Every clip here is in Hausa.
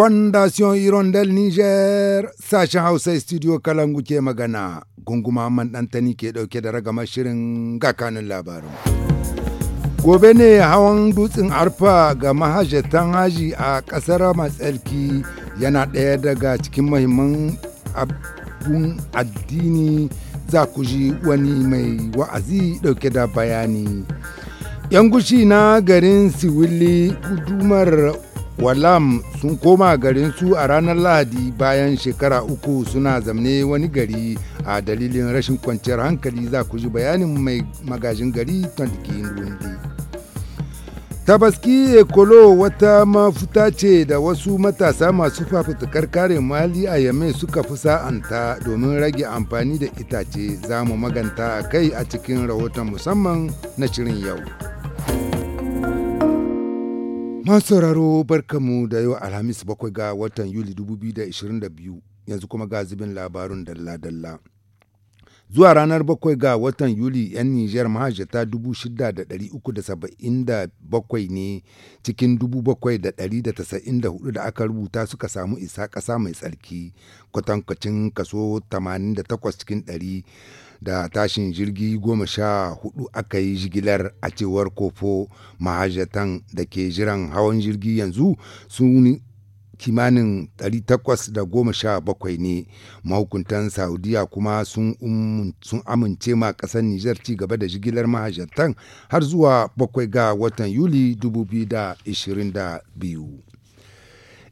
Fondation Hirondelle Niger sashen Hausa Studio Kalangu ke magana gungu muhammad Dantani ke dauke da ragamar shirin gakanin labarin. Gobe ne hawan dutsen arfa ga mahajjatan haji a ƙasar matsalki yana ɗaya daga cikin mahimman abun addini za ku ji wani mai wa'azi ɗauke da bayani. 'Yan gushi na garin Siwili gudumar wallam sun koma garin su a ranar lahadi bayan shekara uku suna zamne wani gari a dalilin rashin kwanciyar hankali za ku ji bayanin mai magajin gari tondikin rundi tabaski ekolo wata mafuta ce da wasu matasa masu fafutukar kare mali a yame suka fi sa'anta domin rage amfani da itace za mu maganta a kai a cikin rahoton musamman na shirin yau. sauraro barkamu da yau Alhamis bakwai ga watan Yuli 2022 yanzu kuma ga zubin labarun dalla-dalla. Zuwa ranar bakwai ga watan Yuli 'yan Nijar mahajjata 6,377 ne cikin 7,794 da aka rubuta suka samu isa ƙasa mai tsarki kwatankwacin kaso 88 cikin 100 da tashin jirgi 14 aka yi jigilar a cewar kofo mahajjatan da ke jiran hawan jirgi yanzu sun kimanin 817 ne mahukuntan saudiya kuma sun amince ma ƙasar nijar ci gaba da jigilar mahajjatan har zuwa 7 ga watan yuli 2022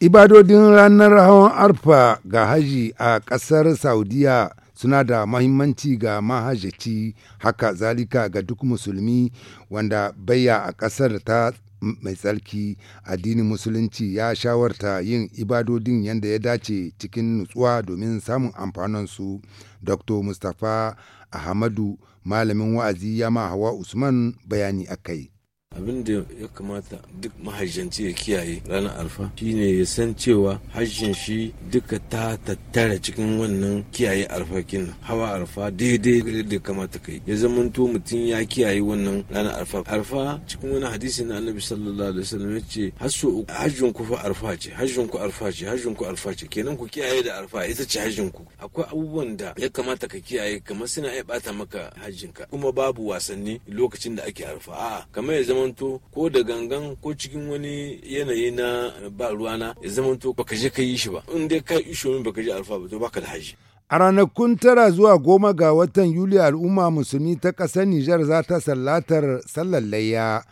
ibadodin ranar hawan arfa ga haji a ƙasar saudiya suna da mahimmanci ga mahajjaci haka zalika ga duk musulmi wanda bayya a ƙasar ta mai tsarki addinin musulunci ya shawarta yin ibadodin yadda ya dace cikin nutsuwa domin samun su dr mustapha ahmadu malamin wa'azi ya ma hawa usman bayani akai abin da ya kamata duk mahajjanci ya kiyaye ranar alfa shine ya san cewa hajjin shi duka ta tattara cikin wannan kiyaye alfa hawa alfa daidai da kamata kai ya zamanto mutum ya kiyaye wannan ranar alfa alfa cikin wani hadisi na annabi sallallahu alaihi wasallam yace hasu hajjin ku fa alfa ce hajjin ku alfa ce hajjin ku alfa ce kenan ku kiyaye da alfa ita ce hajjin ku akwai abubuwan da ya kamata ka kiyaye kamar suna iya bata maka hajjin ka kuma babu wasanni lokacin da ake alfa a'a kamar ya zama zamanto ko da gangan ko cikin wani yanayi na ba ruwana ya zamanto baka je ka yi shi ba in dai ka isho min baka je alfa ba to baka da haji A ranakun tara zuwa goma ga watan Yuli al'umma musulmi ta ƙasar Nijar za ta sallatar sallar layya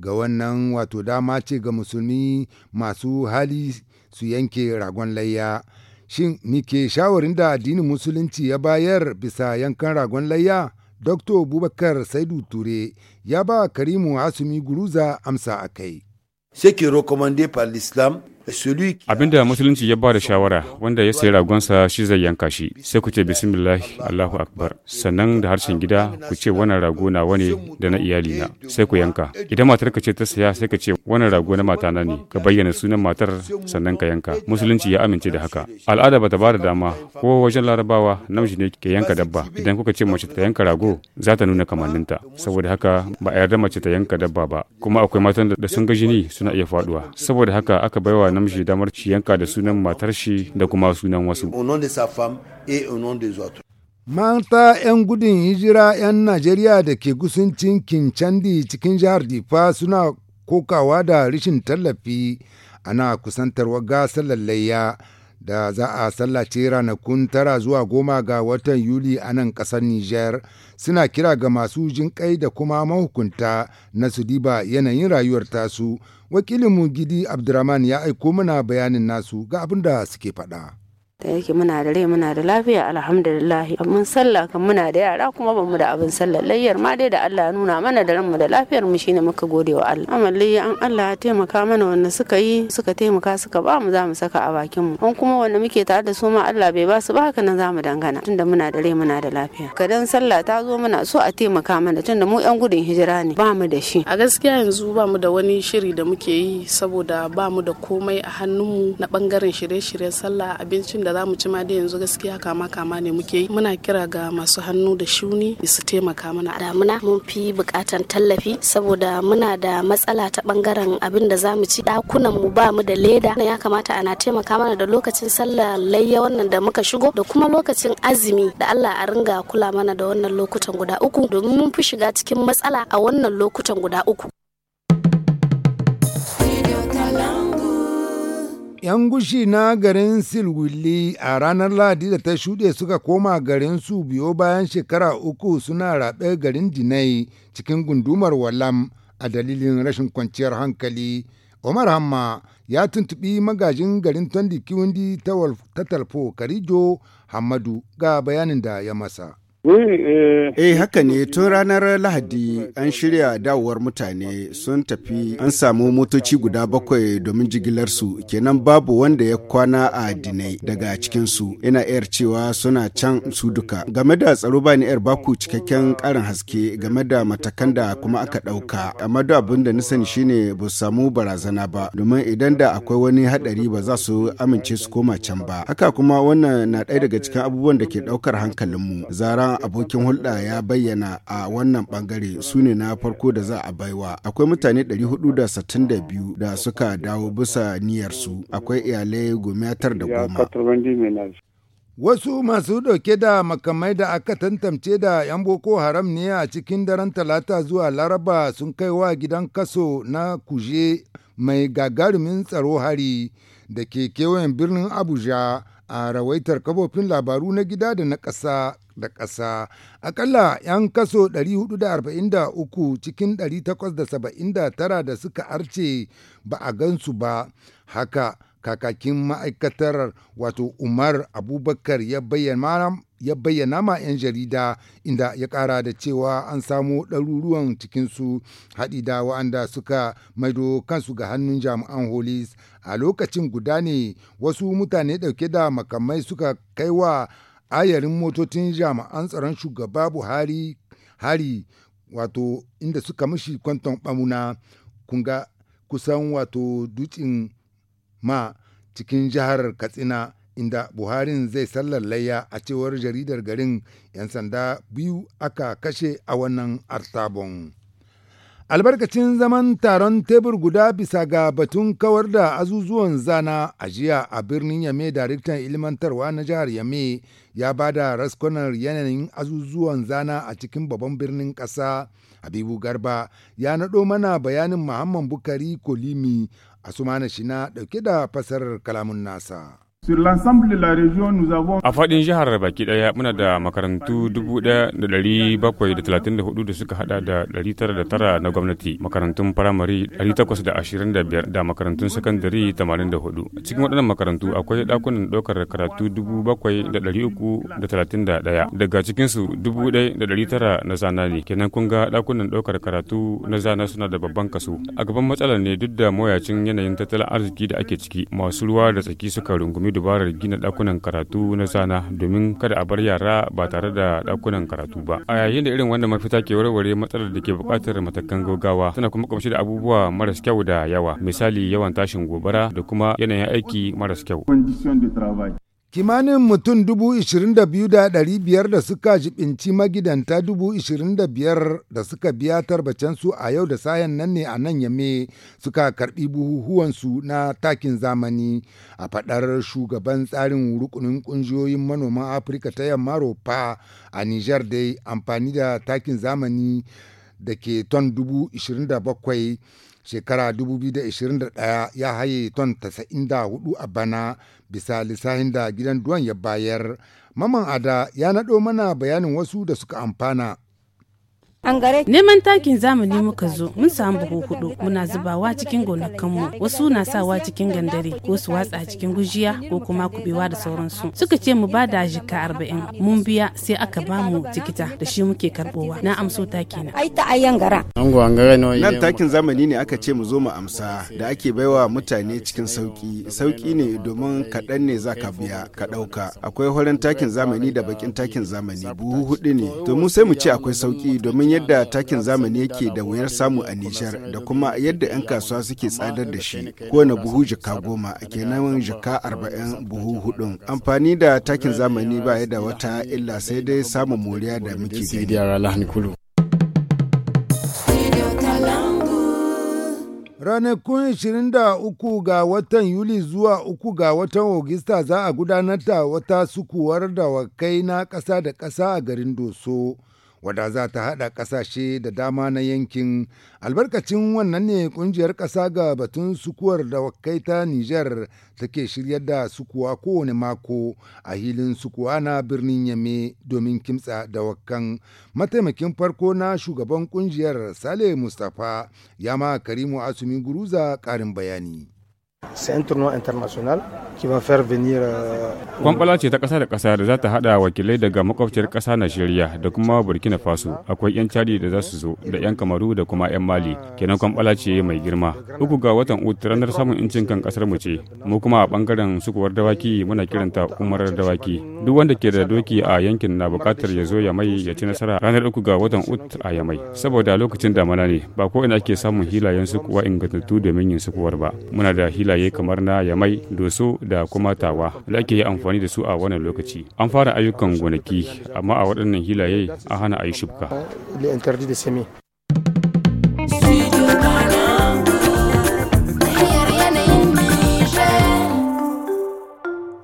ga wannan wato dama ce ga musulmi masu hali su yanke ragon layya. Shin ke shawarin da addinin musulunci ya bayar bisa yankan ragon layya? Dr. Bubakar Saidu Ture ya ba Karimu Asumi Guruza amsa a kai. ce qui est recommandé par l'islam Uh, abin da musulunci ya ba da shawara wanda ya sayi ragonsa shi zai yanka shi sai ku ce bismillah Allahu akbar sannan da harshen gida ku ce wannan rago na wani da na iyali na sai ku yanka idan matar ka ce ta saya sai ka ce wannan rago na mata na ne ka bayyana sunan matar sannan ka yanka musulunci ya amince da haka al'ada bata ba da dama ko wajen larabawa namiji ne ke yanka dabba idan kuka ce mace ta yanka rago za ta nuna kamanninta saboda haka ba a yarda mace ta yanka dabba ba kuma akwai matan da sun ga jini suna iya faduwa saboda haka aka baiwa namiji damar ci yanka da sunan matar shi da kuma sunan wasu. Mata 'yan gudun hijira 'yan Najeriya da ke gusuncin Kincandi cikin jihar Difa suna kokawa da rishin tallafi ana kusantarwa gasa lallayya. da za a sallace ranakun tara zuwa goma ga watan Yuli a nan ƙasar Nijar suna kira ga masu jinƙai da kuma mahukunta na su diba yanayin rayuwar tasu. Wakilinmu Gidi Abdurrahman ya aiko mana bayanin nasu ga abin da suke faɗa. da yake muna da rai muna da lafiya alhamdulillah mun sallah kan muna da yara kuma bamu da abin sallah layyar ma dai da Allah nuna mana da ranmu da lafiyar mu shine muka gode wa Allah amalle an Allah ya taimaka mana wanda suka yi suka taimaka suka ba mu zamu saka a bakin mu an kuma wanda muke tare da su ma Allah bai ba su ba haka nan zamu dangana tunda muna da rai muna da lafiya kadan sallah ta zo muna so a taimaka mana tunda mu yan gudun hijira ne ba mu da shi a gaskiya yanzu ba mu da wani shiri da muke yi saboda ba mu da komai a hannun mu na bangaren shirye-shiryen sallah abincin da za mu ci ma da yanzu gaskiya kama kama ne muke yi muna kira ga masu hannu da shuni su taimaka mana damuna mun fi bukatan tallafi saboda muna da matsala ta bangaren abin da za mu ci dakunan mu ba mu da leda ya kamata ana taimaka mana da lokacin sallar layya wannan da muka shigo da kuma lokacin azumi da Allah a ringa kula mana da wannan lokutan guda uku domin mun fi shiga cikin matsala a wannan lokutan guda uku 'Yan gushi na garin silwili a ranar Ladi da ta shuɗe suka koma garin su biyo bayan shekara uku suna raɓe garin Dinai cikin gundumar Walam a dalilin rashin kwanciyar hankali. Omar Hamma ya tuntuɓi magajin garin Tondi Kiwundi ta talfo Karijo Hamadu ga bayanin da ya masa. Eh, eh haka ne tun ranar Lahadi an shirya dawowar mutane sun tafi an samu motoci guda bakwai domin jigilarsu kenan babu wanda ya kwana a dinai daga cikinsu ina yar cewa suna can su duka. Game da tsaro ba ni yar baku cikakken karin haske game da matakan da kuma aka ɗauka amma duk abin da na sani shine ba samu barazana ba domin idan da akwai wani haɗari ba za su amince su koma can ba. Haka kuma wannan na ɗaya daga cikin abubuwan da ke ɗaukar hankalinmu. Zara abokin hulɗa ya bayyana a wannan bangare su ne na farko da za a baiwa. Akwai mutane 462 da suka dawo bisa niyyarsu. Akwai iyalai gomiyatar da goma. Wasu masu dauke da makamai da aka tantance da 'yan Boko Haram ne a cikin daren talata zuwa laraba sun kai wa gidan kaso na kuje mai gagarumin tsaro hari da ke kewayen birnin Abuja a rawaitar kafofin labaru na gida da na ƙasa da ƙasa. Akalla 'yan kaso 443 cikin 879 da suka arce ba a gansu ba. Haka kakakin ma'aikatar wato Umar Abubakar ya bayyana ma 'yan jarida inda ya ƙara da cewa an samo ɗaruruwan cikinsu haɗi da wa'anda suka maido kansu ga hannun jami'an holis a lokacin guda ne wasu mutane ɗauke da makamai suka kaiwa ayarin motocin jami'an tsaron shugaba buhari hari wato inda suka mishi kwanton bamuna kunga kusan wato dutsen ma cikin jihar katsina inda buharin zai sallar layya a cewar jaridar garin 'yan sanda biyu aka kashe a wannan artabon. albarkacin zaman taron tebur guda bisa ga batun kawar da azuzuwan zana a jiya a birnin yame daraktan ilmantarwa na jihar yame ya ba da raskunar yanayin azuzuwan zana a cikin babban birnin ƙasa habibu garba ya naɗo mana bayanin muhammad bukari kolimi a sumana shina ɗauke da fasarar kalamun nasa A faɗin jihar baki ɗaya muna da makarantu 1,734 da suka hada da 909 na gwamnati, makarantun firamare 825 da makarantun sakandare 84. Cikin waɗannan makarantu akwai ɗakunan ɗaukar karatu 7,331 daga cikinsu 1,900 na zana ne. Kenan kun ga ɗakunan ɗaukar karatu na zana suna da babban kaso. A gaban matsalar ne duk da mawuyacin yanayin tattalin arziki da ake ciki masu ruwa da tsaki suka rungumi dabarar gina ɗakunan karatu na sana domin kada a bar yara ba tare da ɗakunan karatu ba a yayin da irin wannan mafita ke warware matsalar da ke buƙatar matakan gaggawa tana kuma kamshi da abubuwa maras kyau da yawa misali yawan tashin gobara da kuma yanayin aiki maras kyau Kimanin mutum 22,500 da suka jibinci magidanta 25,000 da suka biya tarbacensu a yau da sayan nan ne a nan yame suka karbi buhuhuwansu na takin zamani a fadar shugaban tsarin rukunin kungiyoyin manoman Afirka ta yamma ropa a Nijar dai amfani da takin zamani da ke ton 27,000 shekara 2021 ya haye ton 94 a bana bisa lissahin da gidan duwan ya bayar. Maman Ada ya naɗo mana bayanin wasu da suka amfana. neman takin zamani muka zo mun samu buhu hudu muna zubawa cikin gonakanmu wasu na sawa cikin gandare ko su watsa cikin gujiya ko kuma kubewa da sauransu suka ce mu ba da jika arba'in mun biya sai aka ba mu tikita da shi muke karbowa na amso taki na ai ta ayyan gara nan takin zamani ne aka ce mu zo mu amsa da ake baiwa mutane cikin sauki sauki ne domin kaɗan ne zaka biya ka ɗauka akwai horon takin zamani da bakin takin zamani buhu hudu ne to mu sai mu ce akwai sauki domin yadda takin zamani yake da wayar samu a Nijar da kuma yadda 'yan kasuwa suke tsadar da shi kowane buhu jaka goma nan jaka arba'in buhu hudun. Amfani da takin zamani ba ya da wata illa sai dai samun moriya da muke gani. ranakun 23 ga watan yuli zuwa 3 ga watan ogista za a gudanar da wata sukuwar dawakai na ƙasa da ƙasa a garin doso wadda za ta haɗa ƙasashe da dama na yankin albarkacin wannan ne ƙungiyar ƙasa ga batun sukuwar da wakai ta nijar take shiryar da sukuwa kowane mako a hilin sukuwa na birnin yame domin kimtsa da wakan mataimakin farko na shugaban ƙungiyar sale mustapha ya ma karimu asumi guruza ƙarin bayani Euh, kwankwala ce ta ƙasa da ƙasa da za ta haɗa wakilai daga makwabciyar ƙasa Najeriya da kuma Burkina Faso, akwai 'yan cadi da za su zo, da 'yan Kamaru da kuma 'yan Mali, kenan kwankwala ce mai girma. Uku ga watan Ut ranar samun incin kan ƙasar mu ce, mu kuma a ɓangaren sukuwar dawaki muna kiranta umarar dawaki. Duk wanda ke da doki a yankin na buƙatar ya zo ya mai ya ci nasara ranar uku ga watan Ut a Yamai. Saboda lokacin damana ne, ba ko ina ake samun hilayen sukuwa ingantattu domin yin sukuwar ba. Muna da hila filaye kamar na Yamai, Doso da kuma Tawa da ake yi amfani da su a wannan lokaci. An fara ayyukan gonaki amma a waɗannan hilaye a hana a yi shubka.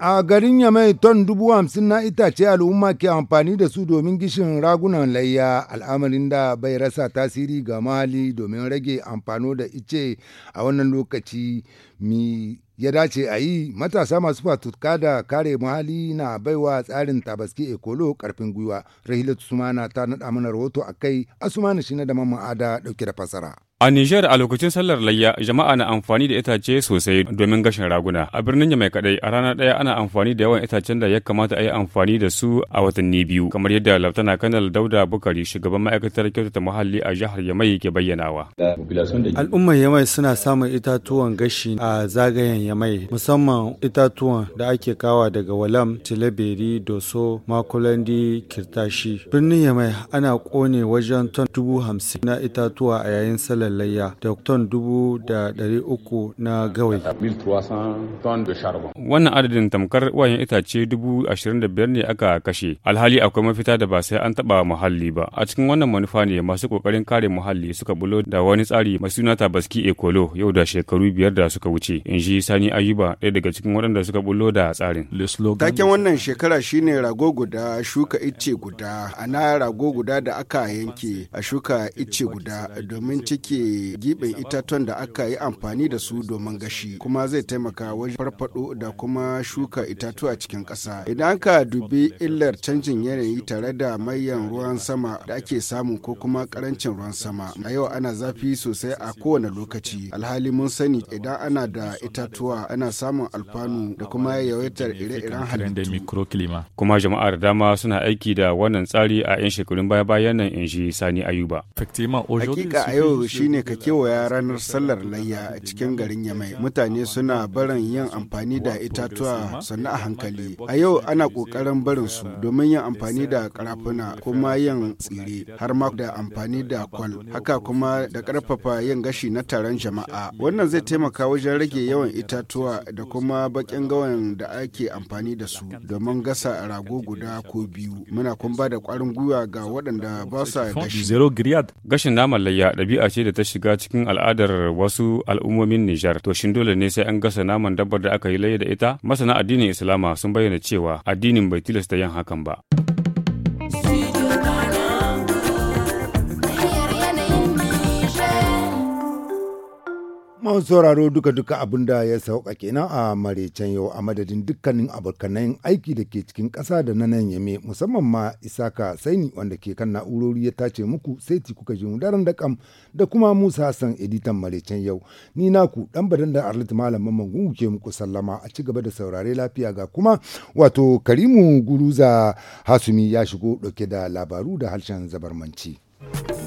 A garin Yamai ton dubu hamsin na itace al'umma ke amfani da su domin gishin ragunan layya al'amarin da bai rasa tasiri ga mahali domin rage amfano da ice a wannan lokaci mi ya dace a yi matasa masu fatuka da kare muhalli na baiwa tsarin tabaski ekolo karfin gwiwa rahilatu sumana ta naɗa mana rahoto a kai asumana shi na da mamman ɗauke da fasara. A Nijar a lokacin sallar layya jama'a na amfani da itace sosai domin gashin raguna. A birnin mai kadai a rana ɗaya ana amfani da yawan itacen da ya kamata a yi amfani da su a watanni biyu, kamar yadda Laftana Kanal Dauda Bukari shugaban ma'aikatar kyautata muhalli a jihar Yamai ke bayyanawa. Al'ummar Yamai suna samun itatuwan gashi a zagayen Yamai, musamman itatuwan da ake kawa daga Walam, Tilebiri, Doso, Makulandi, Kirtashi. Birnin Yamai ana kone wajen ton dubu hamsin na itatuwa a yayin sallar da ton dubu da ɗari uku na gawai. Wannan adadin tamkar wayan itace dubu ashirin da biyar ne aka kashe. Alhali akwai mafita da ba sai an taɓa muhalli ba. A cikin wannan manufa ne masu ƙoƙarin kare muhalli suka bulo da wani tsari mai suna Tabaski Ekolo yau da shekaru biyar da suka wuce. In ji Sani Ayuba ɗaya daga cikin waɗanda suka bulo da tsarin. Taken wannan shekara shine rago guda shuka ice guda ana rago guda da aka yanke a shuka ice guda domin cike. yanke giɓin itatuwan da aka yi amfani da su domin gashi kuma zai taimaka wajen farfado da kuma shuka itatuwa cikin ƙasa idan aka dubi illar canjin yanayi tare da mayan ruwan sama da ake samu ko kuma ƙarancin ruwan sama a yau ana zafi sosai a kowane lokaci alhali mun sani idan ana da itatuwa ana samun alfanu da kuma yawaitar ire-iren halittu kuma jama'ar dama suna aiki da wannan tsari a 'yan shekarun baya-bayan nan in ji sani ayuba hakika a yau shi shine ka kewaya ranar sallar layya a cikin garin Yamai. Mutane suna barin yin amfani da itatuwa sannu a hankali. A yau ana ƙoƙarin barin su domin yin amfani da karafuna kuma yin tsire har ma da amfani da kwal. Haka kuma da ƙarfafa yin gashi na taron jama'a. Wannan zai taimaka wajen rage yawan itatuwa da kuma baƙin gawan da ake amfani da su domin gasa rago guda ko biyu. Muna kuma ba da ƙwarin gwiwa ga waɗanda ba sa gashi. Gashin naman layya ɗabi'a ce da ta shiga cikin al'adar wasu al'ummomin Nijar to shin dole ne sai an gasa naman dabbar da aka yi laye da ita masana addinin Islama sun bayyana cewa addinin bai tilasta yin hakan ba. Masu sauraro duka-duka abin da ya sauka kenan a maraicen yau a madadin dukkanin abokanan aiki da ke cikin ƙasa da na nan yame musamman ma Isaka Saini wanda ke kan na'urori ya tace muku sai ti kuka ji mu daren da kam da kuma Musa san editan maraicen yau. Ni naku dan badan da Arlit Malam Mamman ke muku sallama a ci gaba da saurare lafiya ga kuma wato Karimu Guruza Hasumi ya shigo ɗauke da labaru da harshen zabarmanci.